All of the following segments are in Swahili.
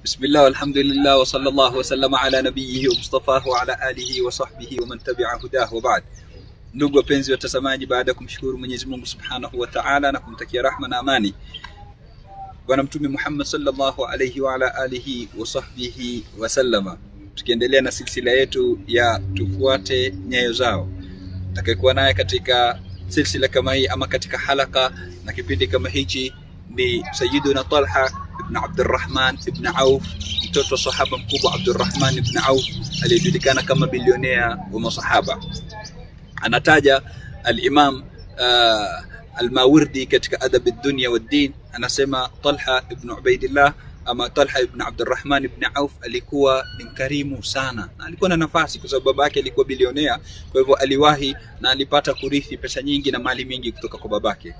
Bismillah walhamdulillah wa sallallahu wa sallama ala nabiyihi wa mustafahu wa ala alihi wa sahbihi wa man tabi'a hudahu wa ba'd. Ndugu wapenzi watazamaji, baada ya kumshukuru Mwenyezi Mungu Subhanahu wa Ta'ala na kumtakia rahma na amani Bwana Mtume Muhammad sallallahu alayhi wa ala alihi wa sahbihi wa sallama, tukiendelea na silsila yetu ya tufuate nyayo zao, takayekuwa naye katika silsila kama hii ama katika halaka na kipindi kama hichi ni Sayyiduna Talha ibn Abdurrahman ibn Auf, mtoto sahaba mkubwa Abdurrahman ibn Auf aliyejulikana kama bilionea wa masahaba. Anataja al-Imam uh, Almawirdi katika Adab ad-Dunya wad-Din, anasema Talha ibn Ubaidillah ama Talha ibn Abdurrahman ibn Auf alikuwa ni mkarimu sana, na alikuwa na nafasi kwa sababu babake alikuwa bilionea. Kwa hivyo aliwahi na alipata kurithi pesa nyingi na mali mingi kutoka kwa babake.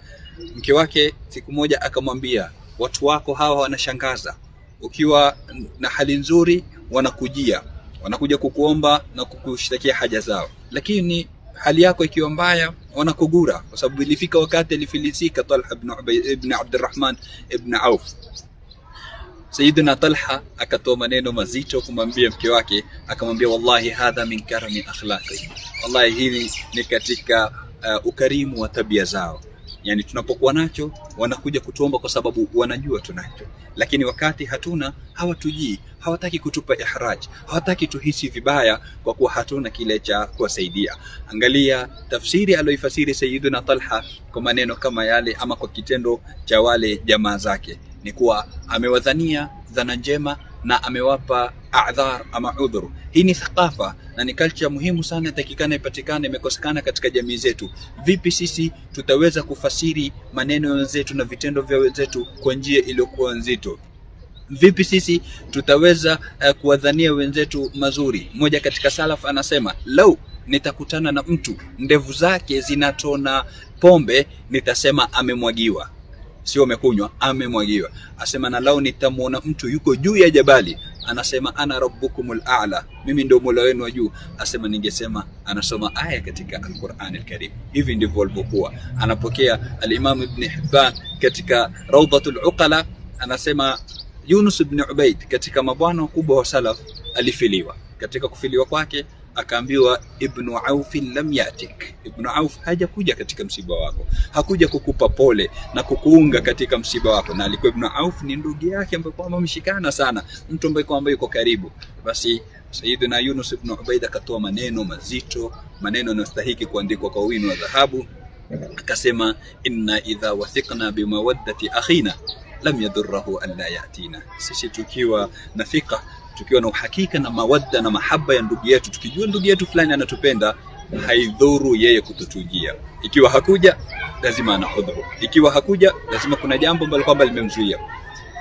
Mke wake siku moja akamwambia watu wako hawa wanashangaza. Ukiwa na hali nzuri, wanakujia wanakuja kukuomba na kukushtakia haja zao, lakini hali yako ikiwa mbaya wanakugura, kwa sababu ilifika wakati alifilisika Talha ibn, ibn Abdurrahman ibn Auf. Sayyidina Talha akatoa maneno mazito kumwambia mke wake, akamwambia wallahi, hadha min karami akhlaqi, wallahi hili ni katika uh, ukarimu wa tabia zao Yani tunapokuwa nacho wanakuja kutuomba kwa sababu wanajua tunacho, lakini wakati hatuna hawatujii, hawataki kutupa ihraj, hawataki tuhisi vibaya kwa kuwa hatuna kile cha kuwasaidia. Angalia tafsiri aliyoifasiri Sayyiduna Talha kwa maneno kama yale, ama kwa kitendo cha wale jamaa zake, ni kuwa amewadhania dhana njema na amewapa adhar ama udhuru. Hii ni thakafa na ni culture muhimu sana, takikana ipatikane, imekosekana katika jamii zetu. Vipi sisi tutaweza kufasiri maneno ya wenzetu na vitendo vya wenzetu kwa njia iliyokuwa nzito? Vipi sisi tutaweza uh, kuwadhania wenzetu mazuri? Mmoja katika salaf anasema lau nitakutana na mtu ndevu zake zinatona pombe, nitasema amemwagiwa sio amekunywa, amemwagiwa. Asema na lau nitamuona mtu yuko juu ya jabali, anasema ana rabbukumul a'la, mimi ndio mola wenu wa juu. Asema ningesema anasoma aya katika Alquran Alkarim. Hivi ndivyo walivyokuwa. Anapokea Alimam Ibn Hibban katika Rawdatul Uqala, anasema Yunus ibn Ubaid katika mabwana wakubwa wa salaf alifiliwa. Katika kufiliwa kwake akaambiwa Ibnu Aufi lam yatik, Ibnu Auf hajakuja katika msiba wako, hakuja kukupa pole na kukuunga katika msiba wako. Na alikuwa Ibnu Auf ni ndugu yake ambaye kwamba wameshikana sana, mtu ambaye kwamba yuko karibu. Basi Sayyidina Yunus ibn Ubaida akatoa maneno mazito, maneno yanayostahiki kuandikwa kwa wino wa dhahabu, akasema inna idha wathiqna bimawaddati akhina lam an la yatina, sisi tukiwa na thika tukiwa na uhakika na mawadda na mahaba ya ndugu yetu, tukijua ndugu yetu fulani anatupenda, haidhuru yeye kututujia. Ikiwa hakuja lazima ana udhuru, ikiwa hakuja lazima kuna jambo ambalo kwamba limemzuia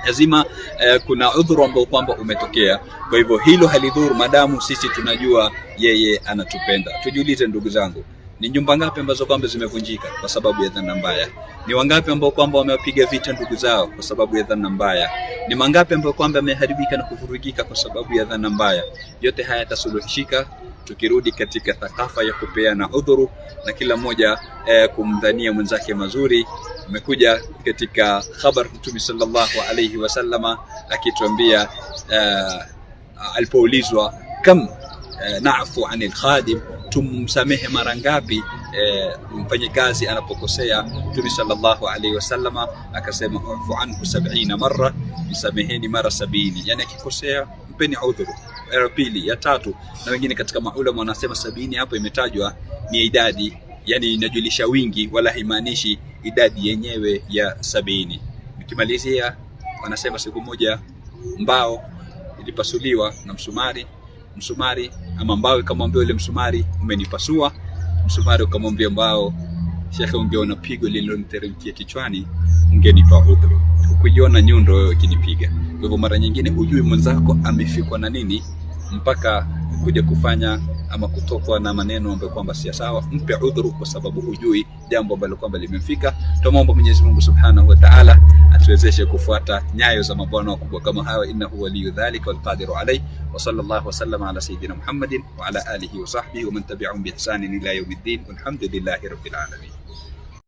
lazima eh, kuna udhuru ambao kwamba umetokea. Kwa hivyo hilo halidhuru, madamu sisi tunajua yeye anatupenda. Tujiulize ndugu zangu, ni nyumba ngapi ambazo kwamba zimevunjika kwa sababu ya dhana mbaya? Ni wangapi ambao kwamba wamewapiga vita ndugu zao kwa sababu ya dhana mbaya? Ni mangapi ambao kwamba wameharibika na kuvurugika kwa sababu ya dhana mbaya? Yote haya yatasuluhishika tukirudi katika thakafa ya kupeana udhuru na kila mmoja eh, kumdhania mwenzake mazuri. Umekuja katika khabar Mtume sallallahu alayhi wasallama akituambia eh, alipoulizwa kam eh, nafu anil khadim tumsamehe mara ngapi e, eh, mfanyikazi anapokosea? Mtume sallallahu alaihi wasallama akasema ufu anhu sab'ina marra, msameheni mara sabini. Yani akikosea mpeni udhuru. Ya pili, ya tatu, na wengine katika maulama wanasema sabini hapo imetajwa ni idadi, yani inajulisha wingi, wala haimaanishi idadi yenyewe ya sabini. Nikimalizia, wanasema siku moja mbao ilipasuliwa na msumari msumari ama mbao ikamwambia ule msumari, umenipasua. Msumari ukamwambia mbao, shekhe, ungeona pigo lililoniteremkia kichwani ungenipa udhuru, ukuiona nyundo wewe ukinipiga. Kwa hivyo mara nyingine hujui mwenzako amefikwa na nini mpaka kuja kufanya ama kutokwa na maneno ambayo kwamba si sawa, mpe udhuru kwa sababu hujui jambo ambalo kwamba limemfika. Tuombe Mwenyezi Mungu Subhanahu wa Ta'ala atuwezeshe kufuata nyayo za mabwana wakubwa kama hawa, innahu waliyu dhalika wal qadiru alayhi. Wa sallallahu wa sallama ala sayyidina Muhammadin wa ala alihi wa sahbihi wa man tabi'ahum bi ihsanin ila yawmiddin, walhamdulillahi rabbil alamin.